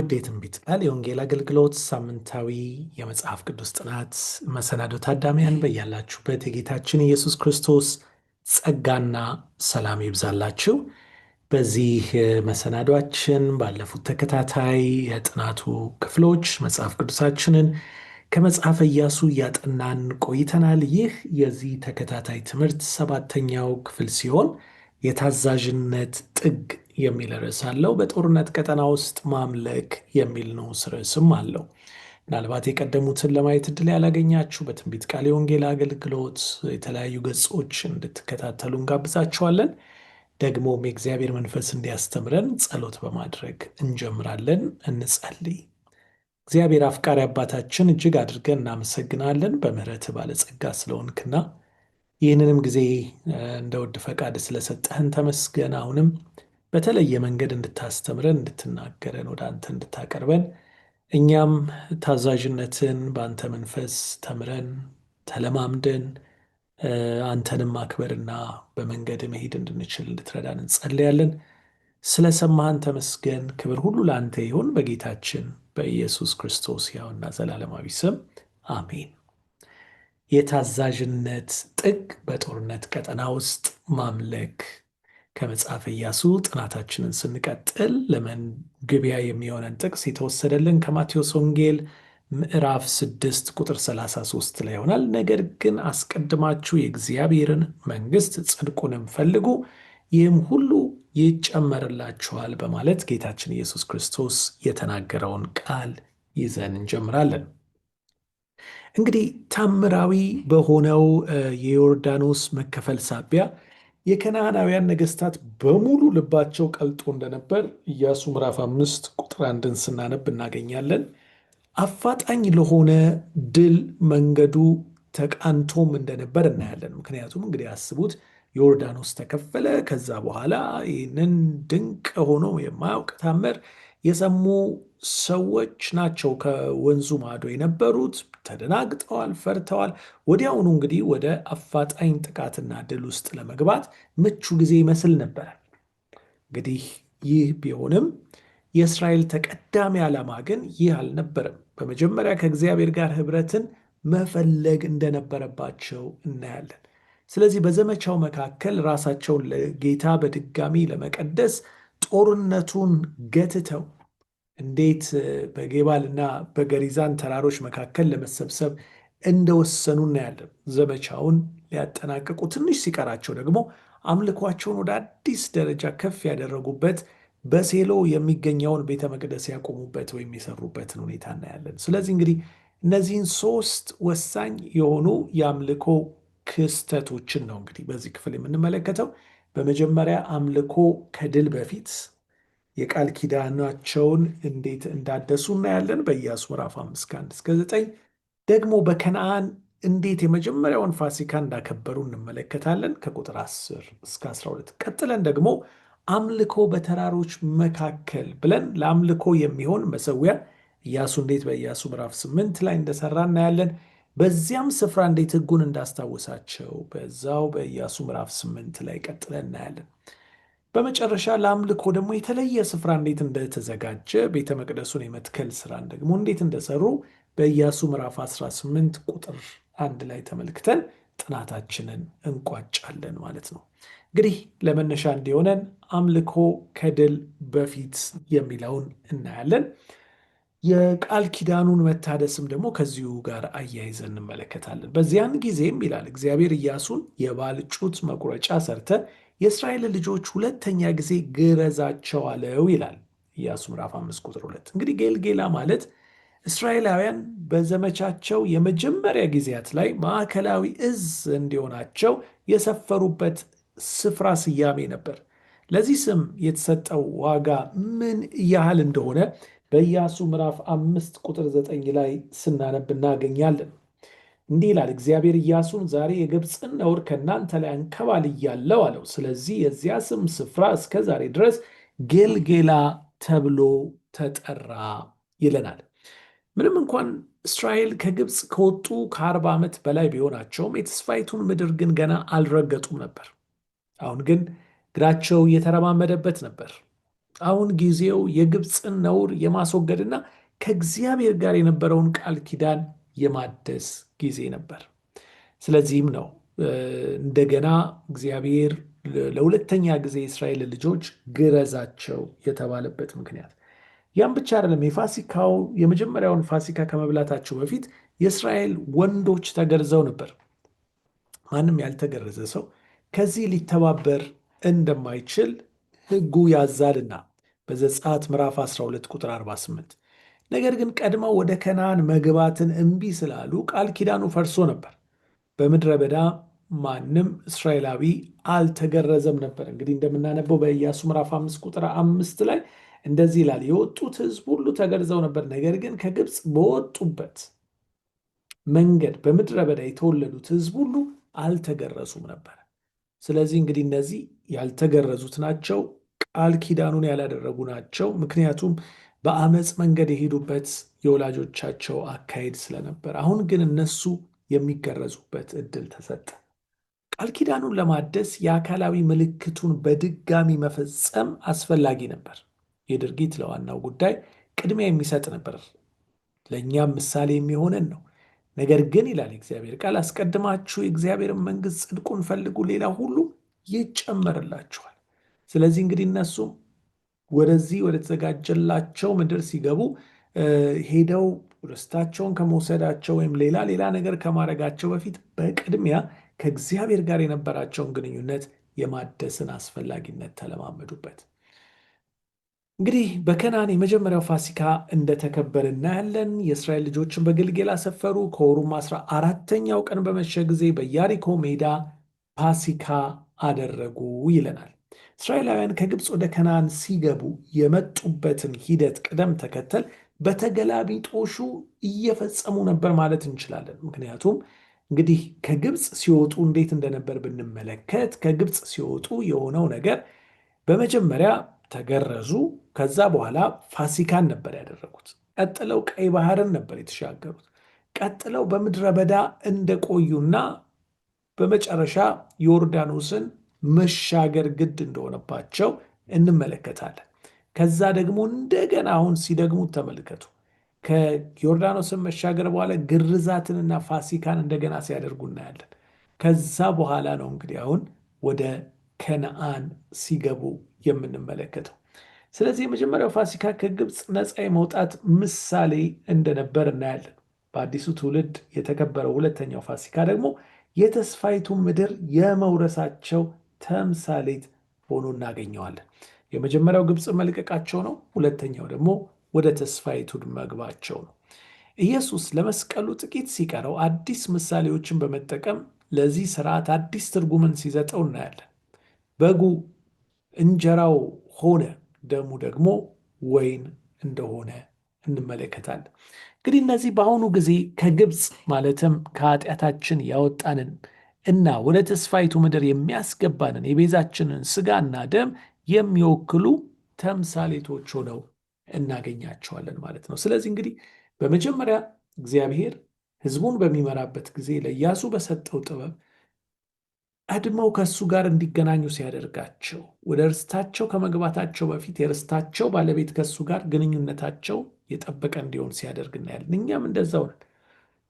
ውድ የትንቢት ቃል የወንጌል አገልግሎት ሳምንታዊ የመጽሐፍ ቅዱስ ጥናት መሰናዶ ታዳሚያን በያላችሁበት የጌታችን ኢየሱስ ክርስቶስ ጸጋና ሰላም ይብዛላችሁ። በዚህ መሰናዷችን ባለፉት ተከታታይ የጥናቱ ክፍሎች መጽሐፍ ቅዱሳችንን ከመጽሐፈ ኢያሱ እያጠናን ቆይተናል። ይህ የዚህ ተከታታይ ትምህርት ሰባተኛው ክፍል ሲሆን የታዛዥነት ጥግ የሚል ርዕስ አለው። በጦርነት ቀጠና ውስጥ ማምለክ የሚል ንዑስ ርዕስም አለው። ምናልባት የቀደሙትን ለማየት እድል ያላገኛችሁ በትንቢት ቃል የወንጌል አገልግሎት የተለያዩ ገጾች እንድትከታተሉ እንጋብዛችኋለን። ደግሞም የእግዚአብሔር መንፈስ እንዲያስተምረን ጸሎት በማድረግ እንጀምራለን። እንጸልይ። እግዚአብሔር አፍቃሪ አባታችን እጅግ አድርገን እናመሰግናለን። በምሕረት ባለጸጋ ስለሆንክና ይህንንም ጊዜ እንደ ውድ ፈቃድ ስለሰጠህን ተመስገን። አሁንም በተለየ መንገድ እንድታስተምረን፣ እንድትናገረን፣ ወደ አንተ እንድታቀርበን እኛም ታዛዥነትን በአንተ መንፈስ ተምረን ተለማምደን አንተንም ማክበርና በመንገድ መሄድ እንድንችል እንድትረዳን እንጸልያለን። ስለሰማህን ተመስገን። ክብር ሁሉ ለአንተ ይሁን። በጌታችን በኢየሱስ ክርስቶስ ያውና ዘላለማዊ ስም አሜን። የታዛዥነት ጥግ በጦርነት ቀጠና ውስጥ ማምለክ ከመጽሐፍ እያሱ ጥናታችንን ስንቀጥል ለመግቢያ የሚሆነን ጥቅስ የተወሰደልን ከማቴዎስ ወንጌል ምዕራፍ 6 ቁጥር 33 ላይ ይሆናል። ነገር ግን አስቀድማችሁ የእግዚአብሔርን መንግሥት ጽድቁንም ፈልጉ፣ ይህም ሁሉ ይጨመርላችኋል በማለት ጌታችን ኢየሱስ ክርስቶስ የተናገረውን ቃል ይዘን እንጀምራለን። እንግዲህ ታምራዊ በሆነው የዮርዳኖስ መከፈል ሳቢያ የከነዓናውያን ነገስታት በሙሉ ልባቸው ቀልጦ እንደነበር ኢያሱ ምዕራፍ አምስት ቁጥር አንድን ስናነብ እናገኛለን። አፋጣኝ ለሆነ ድል መንገዱ ተቃንቶም እንደነበር እናያለን። ምክንያቱም እንግዲህ አስቡት ዮርዳኖስ ተከፈለ። ከዛ በኋላ ይህንን ድንቅ ሆኖ የማያውቅ ታምር የሰሙ ሰዎች ናቸው ከወንዙ ማዶ የነበሩት። ተደናግጠዋል፣ ፈርተዋል። ወዲያውኑ እንግዲህ ወደ አፋጣኝ ጥቃትና ድል ውስጥ ለመግባት ምቹ ጊዜ ይመስል ነበር። እንግዲህ ይህ ቢሆንም የእስራኤል ተቀዳሚ ዓላማ ግን ይህ አልነበረም። በመጀመሪያ ከእግዚአብሔር ጋር ኅብረትን መፈለግ እንደነበረባቸው እናያለን። ስለዚህ በዘመቻው መካከል ራሳቸውን ለጌታ በድጋሚ ለመቀደስ ጦርነቱን ገትተው እንዴት በጌባል እና በገሪዛን ተራሮች መካከል ለመሰብሰብ እንደወሰኑ እናያለን። ዘመቻውን ሊያጠናቀቁ ትንሽ ሲቀራቸው ደግሞ አምልኳቸውን ወደ አዲስ ደረጃ ከፍ ያደረጉበት በሴሎ የሚገኘውን ቤተ መቅደስ ያቆሙበት ወይም የሰሩበትን ሁኔታ እናያለን። ስለዚህ እንግዲህ እነዚህን ሶስት ወሳኝ የሆኑ የአምልኮ ክስተቶችን ነው እንግዲህ በዚህ ክፍል የምንመለከተው። በመጀመሪያ አምልኮ ከድል በፊት የቃል ኪዳናቸውን እንዴት እንዳደሱ እናያለን በኢያሱ ምዕራፍ አምስት ከአንድ እስከ ዘጠኝ ደግሞ በከነአን እንዴት የመጀመሪያውን ፋሲካ እንዳከበሩ እንመለከታለን ከቁጥር 10 እስከ 12 ቀጥለን ደግሞ አምልኮ በተራሮች መካከል ብለን ለአምልኮ የሚሆን መሰዊያ ኢያሱ እንዴት በኢያሱ ምዕራፍ ስምንት ላይ እንደሰራ እናያለን በዚያም ስፍራ እንዴት ህጉን እንዳስታወሳቸው በዛው በኢያሱ ምዕራፍ ስምንት ላይ ቀጥለን እናያለን። በመጨረሻ ለአምልኮ ደግሞ የተለየ ስፍራ እንዴት እንደተዘጋጀ ቤተ መቅደሱን የመትከል ስራን ደግሞ እንዴት እንደሰሩ በኢያሱ ምዕራፍ 18 ቁጥር አንድ ላይ ተመልክተን ጥናታችንን እንቋጫለን ማለት ነው። እንግዲህ ለመነሻ እንዲሆነን አምልኮ ከድል በፊት የሚለውን እናያለን። የቃል ኪዳኑን መታደስም ደግሞ ከዚሁ ጋር አያይዘን እንመለከታለን። በዚያን ጊዜም ይላል እግዚአብሔር ኢያሱን የባልጩት መቁረጫ ሰርተ የእስራኤል ልጆች ሁለተኛ ጊዜ ግረዛቸዋለው ይላል ኢያሱ ምዕራፍ 5 ቁጥር ሁለት እንግዲህ ጌልጌላ ማለት እስራኤላውያን በዘመቻቸው የመጀመሪያ ጊዜያት ላይ ማዕከላዊ እዝ እንዲሆናቸው የሰፈሩበት ስፍራ ስያሜ ነበር። ለዚህ ስም የተሰጠው ዋጋ ምን ያህል እንደሆነ በኢያሱ ምዕራፍ አምስት ቁጥር ዘጠኝ ላይ ስናነብ እናገኛለን። እንዲህ ይላል፣ እግዚአብሔር ኢያሱን ዛሬ የግብፅን ነውር ከእናንተ ላይ አንከባልያለሁ አለው። ስለዚህ የዚያ ስም ስፍራ እስከ ዛሬ ድረስ ጌልጌላ ተብሎ ተጠራ ይለናል። ምንም እንኳን እስራኤል ከግብፅ ከወጡ ከአርባ ዓመት በላይ ቢሆናቸውም የተስፋይቱን ምድር ግን ገና አልረገጡም ነበር። አሁን ግን እግራቸው እየተረማመደበት ነበር። አሁን ጊዜው የግብፅን ነውር የማስወገድና ከእግዚአብሔር ጋር የነበረውን ቃል ኪዳን የማደስ ጊዜ ነበር። ስለዚህም ነው እንደገና እግዚአብሔር ለሁለተኛ ጊዜ የእስራኤል ልጆች ግረዛቸው የተባለበት ምክንያት። ያም ብቻ አይደለም። የፋሲካው የመጀመሪያውን ፋሲካ ከመብላታቸው በፊት የእስራኤል ወንዶች ተገርዘው ነበር። ማንም ያልተገረዘ ሰው ከዚህ ሊተባበር እንደማይችል ሕጉ ያዛልና በዘጸአት ምዕራፍ 12 ቁጥር 48። ነገር ግን ቀድመው ወደ ከነዓን መግባትን እምቢ ስላሉ ቃል ኪዳኑ ፈርሶ ነበር። በምድረ በዳ ማንም እስራኤላዊ አልተገረዘም ነበር። እንግዲህ እንደምናነበው በኢያሱ ምዕራፍ 5 ቁጥር 5 ላይ እንደዚህ ይላል፣ የወጡት ህዝብ ሁሉ ተገርዘው ነበር። ነገር ግን ከግብፅ በወጡበት መንገድ በምድረ በዳ የተወለዱት ህዝብ ሁሉ አልተገረዙም ነበር። ስለዚህ እንግዲህ እነዚህ ያልተገረዙት ናቸው። ቃል ኪዳኑን ያላደረጉ ናቸው። ምክንያቱም በአመፅ መንገድ የሄዱበት የወላጆቻቸው አካሄድ ስለነበር፣ አሁን ግን እነሱ የሚገረዙበት እድል ተሰጠ። ቃል ኪዳኑን ለማደስ የአካላዊ ምልክቱን በድጋሚ መፈጸም አስፈላጊ ነበር። ይህ ድርጊት ለዋናው ጉዳይ ቅድሚያ የሚሰጥ ነበር። ለእኛም ምሳሌ የሚሆነን ነው። ነገር ግን ይላል እግዚአብሔር ቃል፣ አስቀድማችሁ የእግዚአብሔርን መንግሥት ጽድቁን ፈልጉ፣ ሌላ ሁሉ ይጨመርላችኋል። ስለዚህ እንግዲህ እነሱም ወደዚህ ወደተዘጋጀላቸው ምድር ሲገቡ ሄደው ርስታቸውን ከመውሰዳቸው ወይም ሌላ ሌላ ነገር ከማድረጋቸው በፊት በቅድሚያ ከእግዚአብሔር ጋር የነበራቸውን ግንኙነት የማደስን አስፈላጊነት ተለማመዱበት። እንግዲህ በከናን የመጀመሪያው ፋሲካ እንደተከበረ እናያለን። የእስራኤል ልጆችን በግልጌላ ሰፈሩ። ከወሩም አስራ አራተኛው ቀን በመሸ ጊዜ በያሪኮ ሜዳ ፋሲካ አደረጉ ይለናል። እስራኤላውያን ከግብፅ ወደ ከነዓን ሲገቡ የመጡበትን ሂደት ቅደም ተከተል በተገላቢጦሹ እየፈጸሙ ነበር ማለት እንችላለን። ምክንያቱም እንግዲህ ከግብፅ ሲወጡ እንዴት እንደነበር ብንመለከት ከግብፅ ሲወጡ የሆነው ነገር በመጀመሪያ ተገረዙ። ከዛ በኋላ ፋሲካን ነበር ያደረጉት። ቀጥለው ቀይ ባህርን ነበር የተሻገሩት። ቀጥለው በምድረ በዳ እንደቆዩና በመጨረሻ ዮርዳኖስን መሻገር ግድ እንደሆነባቸው እንመለከታለን። ከዛ ደግሞ እንደገና አሁን ሲደግሙ ተመልከቱ። ከዮርዳኖስን መሻገር በኋላ ግርዛትንና ፋሲካን እንደገና ሲያደርጉ እናያለን። ከዛ በኋላ ነው እንግዲህ አሁን ወደ ከነአን ሲገቡ የምንመለከተው። ስለዚህ የመጀመሪያው ፋሲካ ከግብፅ ነፃ የመውጣት ምሳሌ እንደነበር እናያለን። በአዲሱ ትውልድ የተከበረው ሁለተኛው ፋሲካ ደግሞ የተስፋይቱ ምድር የመውረሳቸው ተምሳሌት ሆኖ እናገኘዋለን። የመጀመሪያው ግብፅ መልቀቃቸው ነው። ሁለተኛው ደግሞ ወደ ተስፋይቱ መግባቸው ነው። ኢየሱስ ለመስቀሉ ጥቂት ሲቀረው አዲስ ምሳሌዎችን በመጠቀም ለዚህ ስርዓት አዲስ ትርጉምን ሲሰጠው እናያለን። በጉ እንጀራው ሆነ፣ ደሙ ደግሞ ወይን እንደሆነ እንመለከታለን። እንግዲህ እነዚህ በአሁኑ ጊዜ ከግብፅ ማለትም ከኃጢአታችን ያወጣንን እና ወደ ተስፋይቱ ምድር የሚያስገባንን የቤዛችንን ስጋና ደም የሚወክሉ ተምሳሌቶች ሆነው እናገኛቸዋለን ማለት ነው። ስለዚህ እንግዲህ በመጀመሪያ እግዚአብሔር ሕዝቡን በሚመራበት ጊዜ ለኢያሱ በሰጠው ጥበብ ቀድመው ከእሱ ጋር እንዲገናኙ ሲያደርጋቸው ወደ ርስታቸው ከመግባታቸው በፊት የርስታቸው ባለቤት ከእሱ ጋር ግንኙነታቸው የጠበቀ እንዲሆን ሲያደርግ እናያለን። እኛም እንደዛው ነን።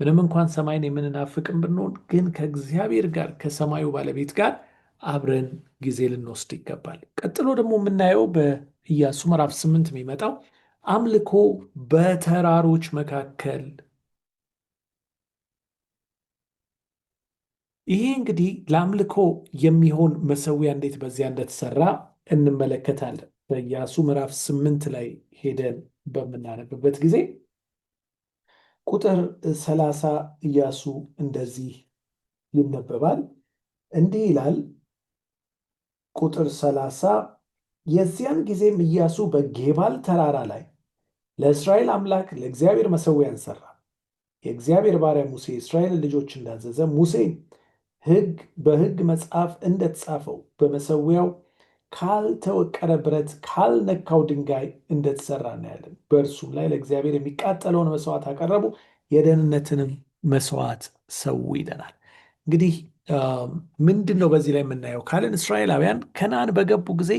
ምንም እንኳን ሰማይን የምንናፍቅም ብንሆን ግን ከእግዚአብሔር ጋር ከሰማዩ ባለቤት ጋር አብረን ጊዜ ልንወስድ ይገባል። ቀጥሎ ደግሞ የምናየው በኢያሱ ምዕራፍ ስምንት የሚመጣው አምልኮ በተራሮች መካከል ይሄ እንግዲህ ለአምልኮ የሚሆን መሰዊያ እንዴት በዚያ እንደተሰራ እንመለከታለን። በኢያሱ ምዕራፍ ስምንት ላይ ሄደን በምናነብበት ጊዜ ቁጥር ሰላሳ ኢያሱ እንደዚህ ይነበባል። እንዲህ ይላል ቁጥር ሰላሳ የዚያን ጊዜም ኢያሱ በጌባል ተራራ ላይ ለእስራኤል አምላክ ለእግዚአብሔር መሰዊያን ሰራ። የእግዚአብሔር ባሪያ ሙሴ የእስራኤል ልጆች እንዳዘዘ ሙሴ ሕግ በሕግ መጽሐፍ እንደተጻፈው በመሰዊያው ካልተወቀረ ብረት ካልነካው ድንጋይ እንደተሰራ እናያለን። በእርሱም ላይ ለእግዚአብሔር የሚቃጠለውን መስዋዕት አቀረቡ፣ የደህንነትንም መስዋዕት ሰው ይለናል። እንግዲህ ምንድን ነው በዚህ ላይ የምናየው ካልን እስራኤላውያን ከነዓን በገቡ ጊዜ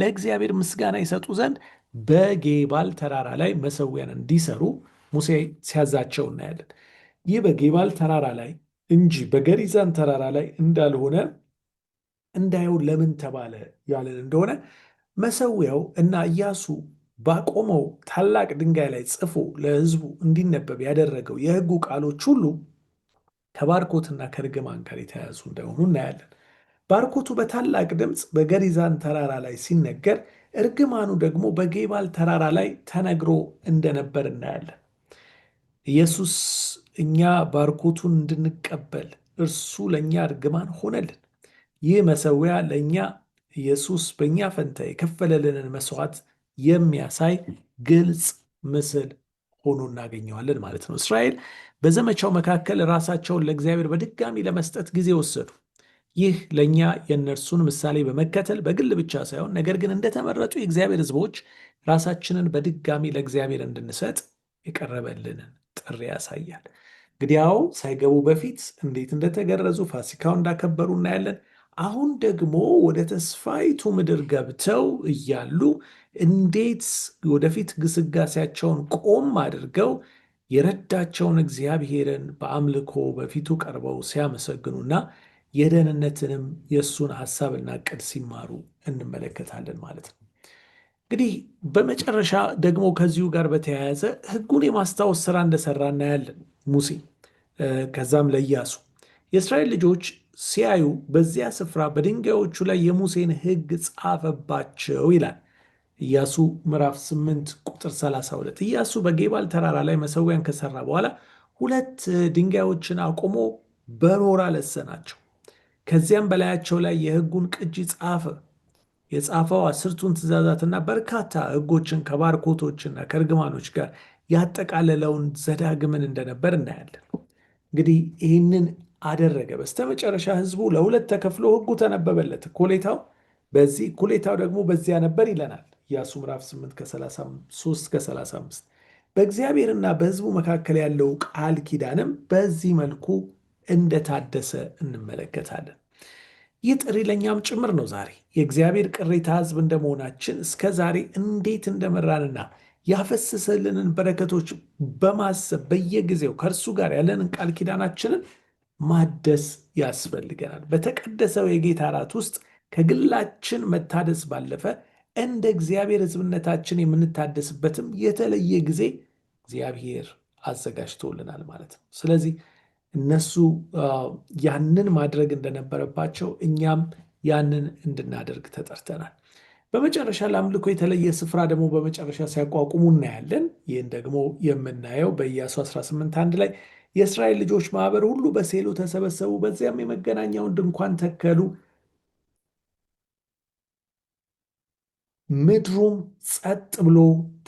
ለእግዚአብሔር ምስጋና ይሰጡ ዘንድ በጌባል ተራራ ላይ መሰዊያን እንዲሰሩ ሙሴ ሲያዛቸው እናያለን። ይህ በጌባል ተራራ ላይ እንጂ በገሪዛን ተራራ ላይ እንዳልሆነ እንዳየው ለምን ተባለ ያለን እንደሆነ መሰዊያው እና ኢያሱ ባቆመው ታላቅ ድንጋይ ላይ ጽፎ ለሕዝቡ እንዲነበብ ያደረገው የሕጉ ቃሎች ሁሉ ከባርኮትና ከርግማን ጋር የተያያዙ እንደሆኑ እናያለን። ባርኮቱ በታላቅ ድምፅ በገሪዛን ተራራ ላይ ሲነገር፣ እርግማኑ ደግሞ በጌባል ተራራ ላይ ተነግሮ እንደነበር እናያለን። ኢየሱስ እኛ ባርኮቱን እንድንቀበል እርሱ ለእኛ እርግማን ሆነልን። ይህ መሰዊያ ለእኛ ኢየሱስ በእኛ ፈንታ የከፈለልንን መስዋዕት የሚያሳይ ግልጽ ምስል ሆኖ እናገኘዋለን ማለት ነው። እስራኤል በዘመቻው መካከል ራሳቸውን ለእግዚአብሔር በድጋሚ ለመስጠት ጊዜ ወሰዱ። ይህ ለእኛ የእነርሱን ምሳሌ በመከተል በግል ብቻ ሳይሆን ነገር ግን እንደተመረጡ የእግዚአብሔር ሕዝቦች ራሳችንን በድጋሚ ለእግዚአብሔር እንድንሰጥ የቀረበልንን ጥሪ ያሳያል። እንግዲያው ሳይገቡ በፊት እንዴት እንደተገረዙ ፋሲካው እንዳከበሩ እናያለን። አሁን ደግሞ ወደ ተስፋይቱ ምድር ገብተው እያሉ እንዴት ወደፊት ግስጋሴያቸውን ቆም አድርገው የረዳቸውን እግዚአብሔርን በአምልኮ በፊቱ ቀርበው ሲያመሰግኑና የደህንነትንም የእሱን ሐሳብና ዕቅድ ሲማሩ እንመለከታለን ማለት ነው። እንግዲህ በመጨረሻ ደግሞ ከዚሁ ጋር በተያያዘ ሕጉን የማስታወስ ስራ እንደሰራ እናያለን ሙሴ ከዛም ለኢያሱ የእስራኤል ልጆች ሲያዩ በዚያ ስፍራ በድንጋዮቹ ላይ የሙሴን ሕግ ጻፈባቸው ይላል። ኢያሱ ምዕራፍ 8 ቁጥር 32። ኢያሱ በጌባል ተራራ ላይ መሰዊያን ከሰራ በኋላ ሁለት ድንጋዮችን አቁሞ በኖራ ለሰናቸው። ከዚያም በላያቸው ላይ የሕጉን ቅጂ ጻፈ። የጻፈው አስርቱን ትእዛዛትና በርካታ ሕጎችን ከባርኮቶችና ከእርግማኖች ጋር ያጠቃለለውን ዘዳግምን እንደነበር እናያለን። እንግዲህ ይህንን አደረገ። በስተመጨረሻ ህዝቡ ለሁለት ተከፍሎ ህጉ ተነበበለት፣ እኩሌታው በዚህ እኩሌታው ደግሞ በዚያ ነበር ይለናል ኢያሱ ምዕራፍ 8 ከ33 ከ35 በእግዚአብሔርና በህዝቡ መካከል ያለው ቃል ኪዳንም በዚህ መልኩ እንደታደሰ እንመለከታለን። ይህ ጥሪ ለእኛም ጭምር ነው። ዛሬ የእግዚአብሔር ቅሬታ ህዝብ እንደመሆናችን እስከ ዛሬ እንዴት እንደመራንና ያፈሰሰልንን በረከቶች በማሰብ በየጊዜው ከእርሱ ጋር ያለንን ቃል ኪዳናችንን ማደስ ያስፈልገናል። በተቀደሰው የጌታ አራት ውስጥ ከግላችን መታደስ ባለፈ እንደ እግዚአብሔር ሕዝብነታችን የምንታደስበትም የተለየ ጊዜ እግዚአብሔር አዘጋጅቶልናል ማለት ነው። ስለዚህ እነሱ ያንን ማድረግ እንደነበረባቸው እኛም ያንን እንድናደርግ ተጠርተናል። በመጨረሻ ለአምልኮ የተለየ ስፍራ ደግሞ በመጨረሻ ሲያቋቁሙ እናያለን። ይህን ደግሞ የምናየው በኢያሱ 18 አንድ ላይ የእስራኤል ልጆች ማህበር ሁሉ በሴሎ ተሰበሰቡ፣ በዚያም የመገናኛውን ድንኳን ተከሉ። ምድሩም ጸጥ ብሎ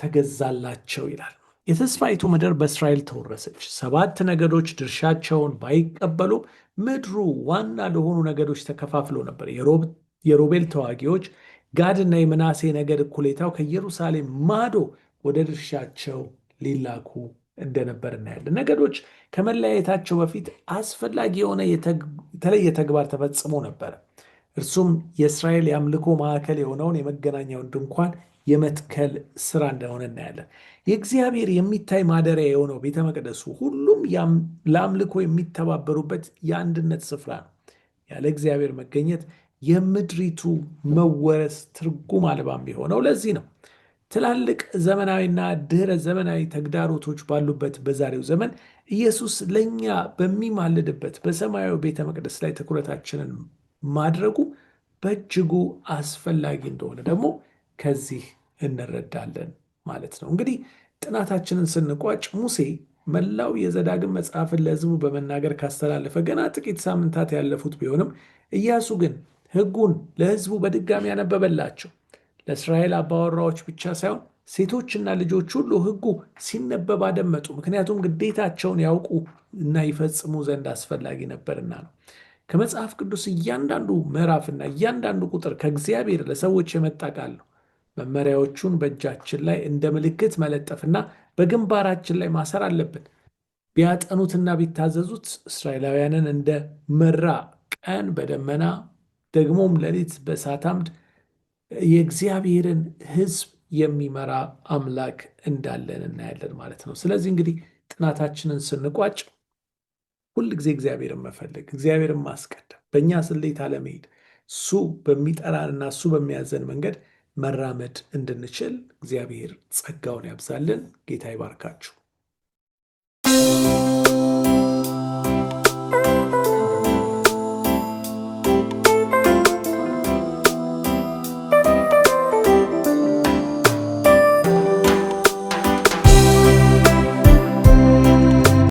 ተገዛላቸው ይላል። የተስፋይቱ ምድር በእስራኤል ተወረሰች። ሰባት ነገዶች ድርሻቸውን ባይቀበሉም ምድሩ ዋና ለሆኑ ነገዶች ተከፋፍሎ ነበር። የሮቤል ተዋጊዎች፣ ጋድና የምናሴ ነገድ እኩሌታው ከኢየሩሳሌም ማዶ ወደ ድርሻቸው ሊላኩ እንደነበር እናያለን። ነገዶች ከመለያየታቸው በፊት አስፈላጊ የሆነ የተለየ ተግባር ተፈጽሞ ነበረ። እርሱም የእስራኤል የአምልኮ ማዕከል የሆነውን የመገናኛውን ድንኳን የመትከል ስራ እንደሆነ እናያለን። የእግዚአብሔር የሚታይ ማደሪያ የሆነው ቤተ መቅደሱ ሁሉም ለአምልኮ የሚተባበሩበት የአንድነት ስፍራ ነው። ያለ እግዚአብሔር መገኘት የምድሪቱ መወረስ ትርጉም አልባም የሆነው ለዚህ ነው። ትላልቅ ዘመናዊና ድህረ ዘመናዊ ተግዳሮቶች ባሉበት በዛሬው ዘመን ኢየሱስ ለእኛ በሚማልድበት በሰማያዊ ቤተ መቅደስ ላይ ትኩረታችንን ማድረጉ በእጅጉ አስፈላጊ እንደሆነ ደግሞ ከዚህ እንረዳለን ማለት ነው። እንግዲህ ጥናታችንን ስንቋጭ ሙሴ መላው የዘዳግም መጽሐፍን ለሕዝቡ በመናገር ካስተላለፈ ገና ጥቂት ሳምንታት ያለፉት ቢሆንም ኢያሱ ግን ሕጉን ለሕዝቡ በድጋሚ ያነበበላቸው ለእስራኤል አባወራዎች ብቻ ሳይሆን ሴቶችና ልጆች ሁሉ ሕጉ ሲነበብ አደመጡ። ምክንያቱም ግዴታቸውን ያውቁ እና ይፈጽሙ ዘንድ አስፈላጊ ነበርና ነው። ከመጽሐፍ ቅዱስ እያንዳንዱ ምዕራፍና እያንዳንዱ ቁጥር ከእግዚአብሔር ለሰዎች የመጣ ቃል ነው። መመሪያዎቹን በእጃችን ላይ እንደ ምልክት መለጠፍና በግንባራችን ላይ ማሰር አለብን። ቢያጠኑትና ቢታዘዙት እስራኤላውያንን እንደ መራ ቀን በደመና ደግሞም ሌሊት በእሳት አምድ የእግዚአብሔርን ሕዝብ የሚመራ አምላክ እንዳለን እናያለን ማለት ነው። ስለዚህ እንግዲህ ጥናታችንን ስንቋጭ ሁል ጊዜ እግዚአብሔርን መፈለግ፣ እግዚአብሔርን ማስቀደም፣ በእኛ ስሌት አለመሄድ፣ እሱ በሚጠራንና እሱ በሚያዘን መንገድ መራመድ እንድንችል እግዚአብሔር ጸጋውን ያብዛልን። ጌታ ይባርካችሁ።